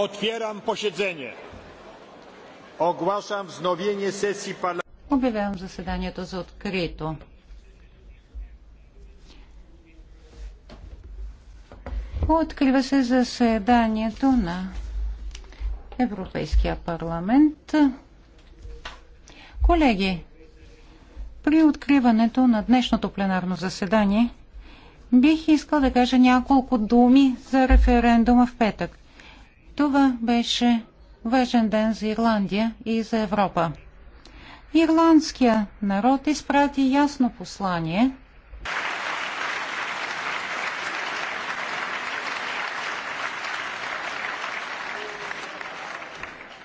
Otwieram posiedzenie. Ogłaszam wznowienie sesji parlamentu. Обявявам заседанието за открито. Открива се заседанието на Европейския парламент. Колеги, при откриването на днешното пленарно заседание бих искал да кажа няколко думи за референдума в петък. Това беше важен ден за Ирландия и за Европа. Ирландския народ изпрати ясно послание –